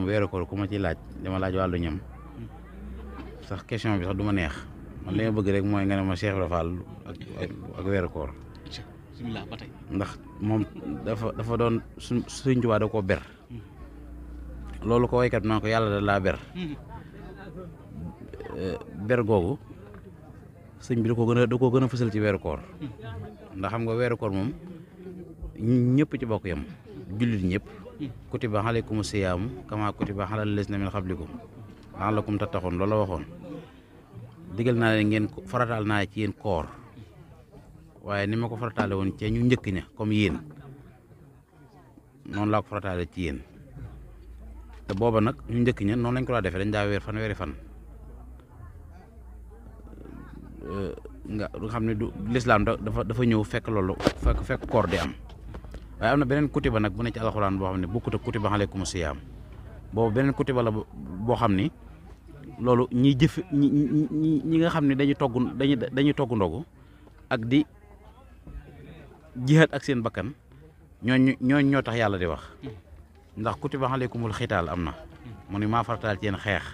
moom weeru koor ku ma ci laaj dama laaj wàllu ñam sax question bi sax du ma neex man li bëgg rek mooy nga ne ma Cheikh Ibra Fall ak ak ndax moom dafa dafa doon su Sëriñ da koo ber loolu ko waykat naa ko yàlla da laa ber eh, ber googu sëñ bi da ko gën a da gën ci weeru koor ndax xam nga weeru moom ñëpp ci bokk yam jullit ñëpp kutiba alaykum siyaamu kama kutiba alal lazina min qablikum la'allakum tattaqun loolu la waxoon digal naa leen ngeen farataal naa ci yéen koor waaye ni ma ko farataale woon ci ñu njëkk ña comme yéen noonu laa ko ci yéen te booba nag ñu njëkk ña noon lañ ko daa defee dañ daa weer fan weeri fan nga xam ne du lislaam dafa dafa ñëw fekk loolu fekk fekk koor di am waaye am na beneen ba nag bu ne ci alxuraan boo xam ne bokkut ak kutiba aleykum siyaam boobu beneen kutiba la boo xam ni loolu ñii jëf ñi ñi ñi nga xam ne dañuy togg dañu dañuy togg ndogu ak di jihaat ak seen bakkan ñooñ ñooñ ñoo tax yàlla di wax ndax kutiba aleykumul xitaal am na mu ne maa farataal ci yéen xeex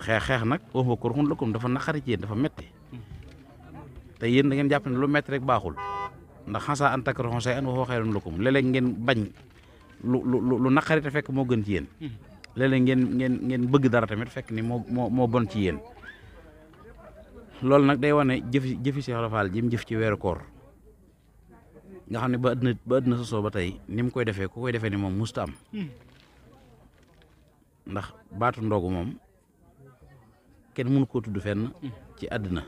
xeex xeex nag wax nga kurxun lakum dafa naqari ci yéen dafa metti te yéen da ngeen jàpp ne lu metti rek baaxul ndax xansa an takrahu shay'an wa huwa khayrun lakum léeg-léeg ngeen bañ lu lu fekk moo gën ci yéen hmm. léeg ngeen ngeen ngeen bëgg dara tamit fekk ni moo moo moo bon ci yéen loolu nag day wane jëfi jëfi si Rafal jim jëf ci weeru koor nga xam ne ba àddina ba sosoo ba tey ni mu koy defee ko koy defee ni moom musta am hmm. ndax baatu ndogu moom kenn mënu koo tudd fenn hmm. ci àddina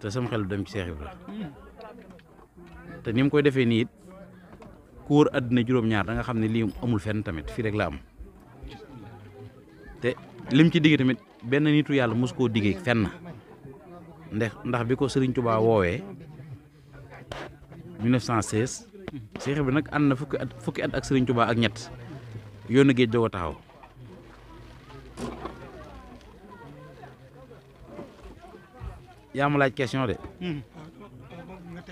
te sama xelu dem ci Cheikh te ni mu koy defee nii it ku wër àddina juróom-ñaar da xam ne lii amul fenn tamit fii rek la am te lim ci digg tamit benn nitu yàlla mosu koo diggee fenn ndax ndax bi ko Serigne Touba woowee 1916 Seex bi nag ànd na fukki at ak Serigne Touba ak ñett yoonu géej doog a taxaw. yaa ma laaj question de. Hmm.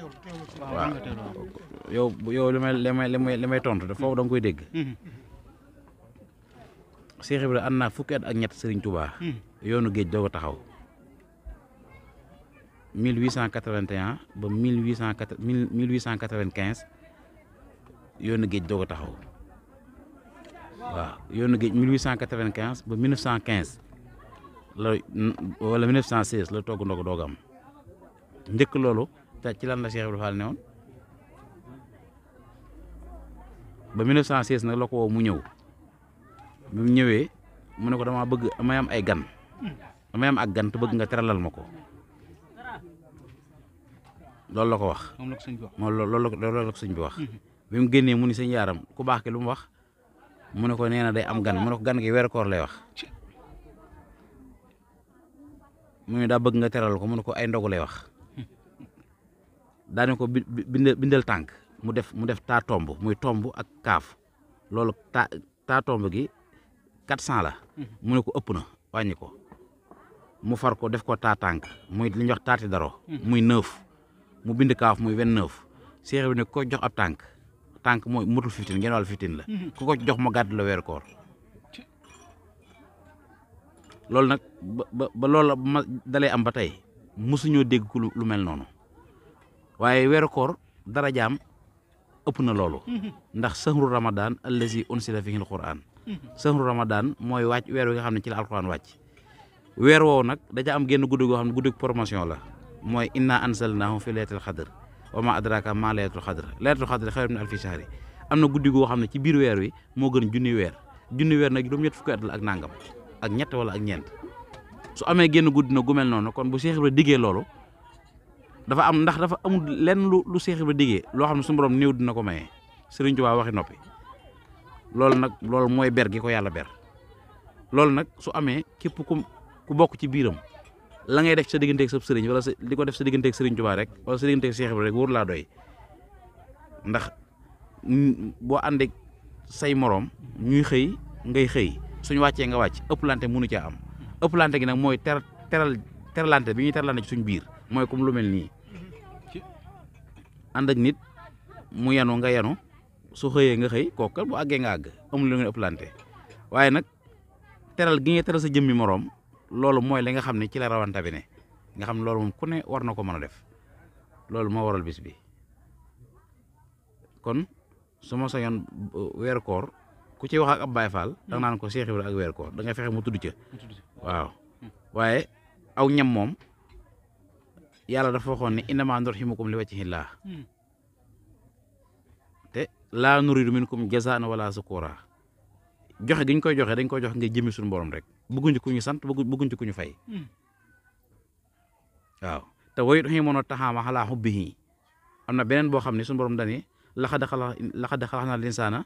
waaw yow yow li may li may li may li may tontu de ñett da nga koy dégg. Cheikh Ibrahima ànd naa fukki at cent ñett Serigne Touba. yoonu géej doo ko taxaw. 1881 ba 1880 1895 yoonu géej doo ko taxaw waaw yoonu géej 1895 ba 1915 la wala 1916 la togg ndogu doog am njëkk loolu. te ci lan la Cheikh Ibrahima Fall ne woon ba 1916 nag la ko woo mu ñëw bi mu ñëwee mu ne ko dama bëgg damay ay gan damay am ak gan te bëgg nga teralal ma ko loolu la ko wax. moom la ko sëñ bi wax mm-hmm. mu génnee mu ni sëñ yaaram ku baax lu mu wax mu ne ko nee na day am gan mu ko gan gi weeru koor lay wax mu daa bëgg nga teral ko mu ne ko ay ndogu lay wax. daane ko bindal bindal tànk mu def mu def taa tomb muy tomb ak kaaf loolu taa tomb gi quatre cent la mhm. mu ne ko ëpp na wàññi ko mu far ko def ko taa tànk muy li ñuy wax taati daro mhm. muy neuf mu bind kaaf muy vingt neuf seex bi ne ko jox ab tànk tànk mooy motul fifteen ngeen wàll fifteen la mhm. ku ko jox ma gàddu la weeru koor nag ba ba loolu am ba tey mosuñoo dégg ku lu mel noonu waaye weeru koor dara jaam ëpp na loolu ndax sahru ramadan allazi unsila fihi alquran sahru ramadan mooy wàcc weer wi nga xam ne ci la alquran wàcc weer woowu nag daja am génn guddi goo xam ne guddi promotion la mooy inna ansalnaahu fi laylatil qadr wa ma adraka ma laylatul qadr laylatul qadr xayrun min alfi shahri am na guddi goo ne ci biir weer wi moo gën junni weer junni weer nag juróom ñett fukki at la ak nangam ak ñett wala ak ñeent su amee genn guddi na gu mel noonu kon bu Cheikh Ibrahima diggee loolu dafa am ndax dafa amul lenn lu lu Seex Ibra diggee loo xam ne suñu borom néew dina ko maye Sëriñ Tuubaa waxi noppi loolu nag loolu mooy ber gi ko yàlla ber loolu nag su amee képp ku ku bokk ci biiram la ngay def sa digganteeg sa sëriñ wala sa li ko def sa digganteeg Sëriñ Tuubaa rek wala sa digganteeg Seex Ibra rek wóor laa doy ndax boo àndeek say moroom ñuy xëy ngay xëy suñu wàccee nga wàcc ëpplante munu caa am ëpplante gi nag mooy ter teral teralante bi ñuy teralante ci suñu biir mooy comme lu mel nii ànd ak nit mu yanu nga yanu su xëyee nga xëy kooku bu àggee nga àgg amul lu ngeen ëpplante waaye nag teral gi nga teral sa jëmmi moroom loolu mooy li nga xam ne ci la rawanta bi ne nga xam ne loolu moom ku ne war na ko mën a def loolu moo waral bis bi kon su ma sañoon weer koor ku ci wax ab Baay Faal da nga naan ko Seex ak weer koor da fexe mu tudd ca waaw waaye aw ñam moom yàlla dafa waxoon ne innama nurhimukum li wajhillah hmm. te laa nuridu minkum jazaan wala sukura joxe gi ñu koy joxe dañ koy jox ngir jëmi suñu borom rek bëgguñ ci ku ñu sant bëgguñ ci ku ñu fay hmm. waaw te wayut xi moon a taxaama xalaa xubbihi am na beneen boo xam ne suñu borom dani laxad xala laxad xalaxna linsaana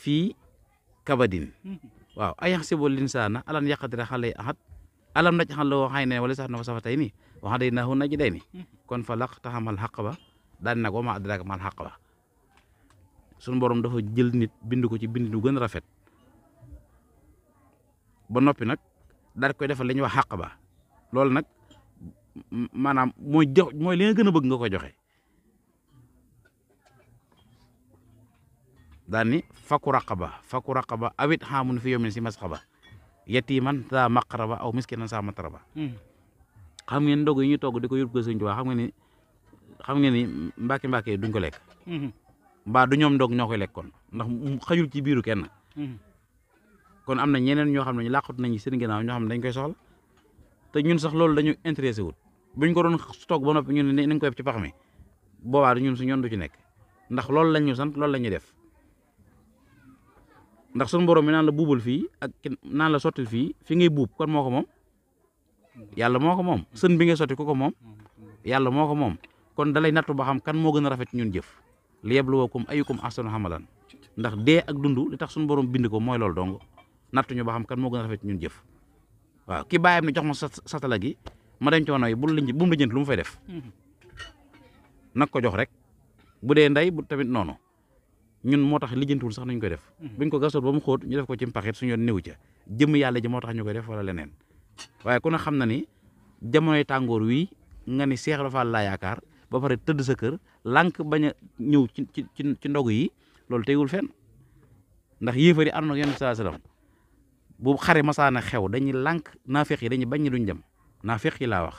fii kabadin hmm. waaw ayax sibul linsaana alan yàqatira xale ahad alam naj xan la woo xay ne wala sax na fa safa waxa day naxu naji day ni kon fa laq taxamal xaq ba daan nag wama adraka mal xaq ba suñu borom dafa jël nit bind ko ci bind lu gën a rafet ba noppi nag daal koy defal li wax xaq ba loolu nag maanaam mooy jox mooy li gën a bëgg nga ko joxe daan ni faku raqaba faku raqaba awit xaamun fi yomin si masxaba man saa maqraba aw miskinan saa matraba xam ngeen ndog yi ñu togg di ko yóbbu ko sëñ Tuubaa xam ngeen ni xam ngeen ni mbàkke mbàkke duñ ko lekk mhm. mbaa du ñoom ndog ñoo koy lekk kon ndax xajul ci biiru kenn mhm. kon am na ñeneen ñoo xam ne làqatu nañu seen ginnaaw ñoo xam ne dañ koy soxla te ñun sax loolu dañu intéressé wut buñ ko doon toog ba noppi ñun ne nañ ko ci pax mi boobaa ñun su ñoon du ci nekk ndax loolu lañ ñu sant loolu la ñuy def ndax suñu borom mi naan la buubal fii ak naan la sottil fii fi ngay buub kon moo ko moom yàlla moo ko moom sën bi nga sotti ko ko moom yàlla moo ko moom kon dalay nattu ba xam kan moo gën a rafet ñun jëf li yebluwakum ayyukum ahsanu amalan ndax dee ak dund li tax suñu borom bind ko mooy lool dong nattuñu ba xam kan moo gën a rafet ñun jëf waaw ki bàyyam ne jox ma satala gi ma dañ coono bu mu bu mu la lu mu fay def nag ko jox rek bu dee ndey bu tamit noonu ñun moo tax lijjantiwul sax nañ koy def hmm. buñ ko gasoon mu xóot ñu def ko ci mpaxit suñu yoon néew tax ñu koy def waaye ku ne xam na ni jamonoy tàngoor wi nga ni Seex Ibra Fall laa yaakaar ba pare tëdd sa kër lànk bañ a ñëw ci ci ci ndog yi loolu teywul fenn ndax yéefari àndoon ak Yonent sallallahu xare masaana xew dañuy lànk naafeq yi dañu bañ ñi duñ dem naafeq yi laa wax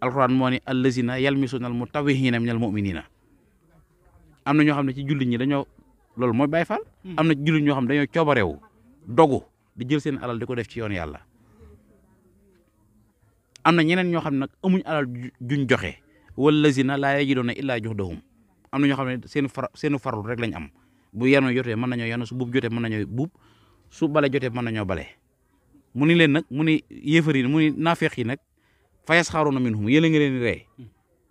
alxuraan moo ni allazina yalmisuna al mutawihina minal muminina am na ñoo xam ne ci jullit ñi dañoo loolu mooy Baay Faal hmm. am na ci ñoo xam ne dañoo coobareewu dogu di jël seen alal di ko def ci yoon yàlla am na ñeneen ñoo xam ne nag amuñ alal juñ joxe wallazina laa yajiduuna illaa juhdahum am na ñoo xam ne seen far seenu farlu rek lañ am bu yenu jotee mën nañoo yenu su buub jotee mën nañoo bub su bale jotee mën nañoo bale mu ni leen nag mu ni yéefar yi mu ni naafeeq yi nag fa yasxaruuna min yéen a ngi leen di ree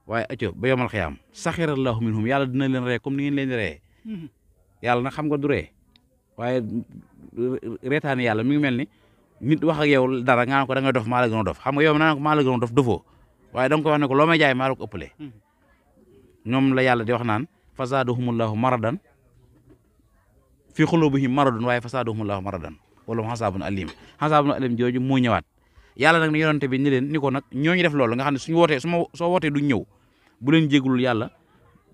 waaye acco ba yomal xiyaam saxirallahu minhum yàlla dina leen ree comme ni ngeen leen di ree hmm. yàlla nag reetaane yàlla mi ngi mel ni nit wax ak yow dara nga ko da nga dof maa la gën a dof xam nga yow naa ko maa la gën a dof dofoo waaye da nga ko wax ne ko loo may jaay maa la ko ëppalee ñoom la yàlla di wax naan fasaadahumullahu maradan fi xulubihim maradun waaye fasaadahumullahu maradan wala xasaabun alim xasaabun jooju moo ñëwaat yàlla nag ne yonante bi ni leen ni ko nag ñooñu def loolu nga xam ne suñu wootee suma soo wootee duñ ñëw bu leen jéglul yàlla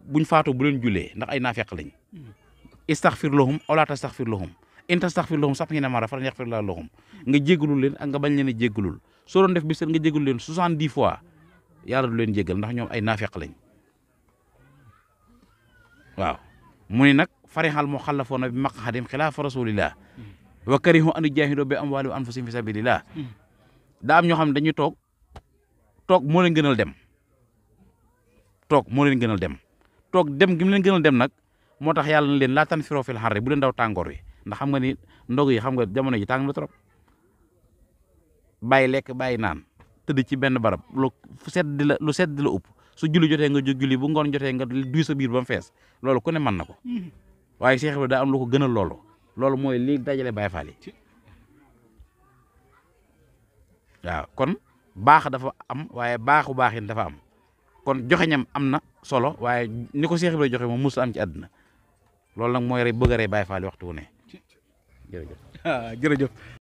buñ faatu bu leen jullee ndax ay naafeq lañ hmm. istaxfir lahum aw laa tastaxfir lahum sax in tastaxfir lahum sab'iina marra falan yaxfir llaahu lahum nga jégalul leen ak bañ leen a jégalul soo doon def bi seen nga jégalu leen soixante-dix fois yàlla du leen jégal ndax ñoom ay naafeq lañ waaw mu ne nag farihal muxallafuuna bi maq'adihim xilaafa rasuulillah wa karihu an yujaahidu bi amwaalihim wa anfusihim fi sabiilillah daa am ñoo xam ne dañuy toog toog moo leen gënal dem toog moo leen gënal dem toog dem gi mu leen gënal dem nag moo tax yàlla na leen laa tanfiroo fil bu daw tàngoor wi ndax xam nga ni ndog yi xam nga jamono ji tàng na trop bàyyi lekk bàyyi naan tëdd ci benn barab lu sedd la lu sedd di la upp su julli jotee nga jóg julli bu ngoon jotee nga duy sa biir ba mu fees loolu ku ne mën na ko mm-hmm. waaye Cheikh Ibrahima daa am lu ko gënal loolu loolu mooy lii dajale Baay Faal yi waaw kon baax dafa am waaye baaxu baaxin dafa am kon joxe ñam am na solo waaye ni ko Cheikh Ibrahima joxe moom mus am ci àdduna loolu nag mooy rey bëgg a rey Baay Faal yi waxtu wu ne jërëjëf ah, jërëjëf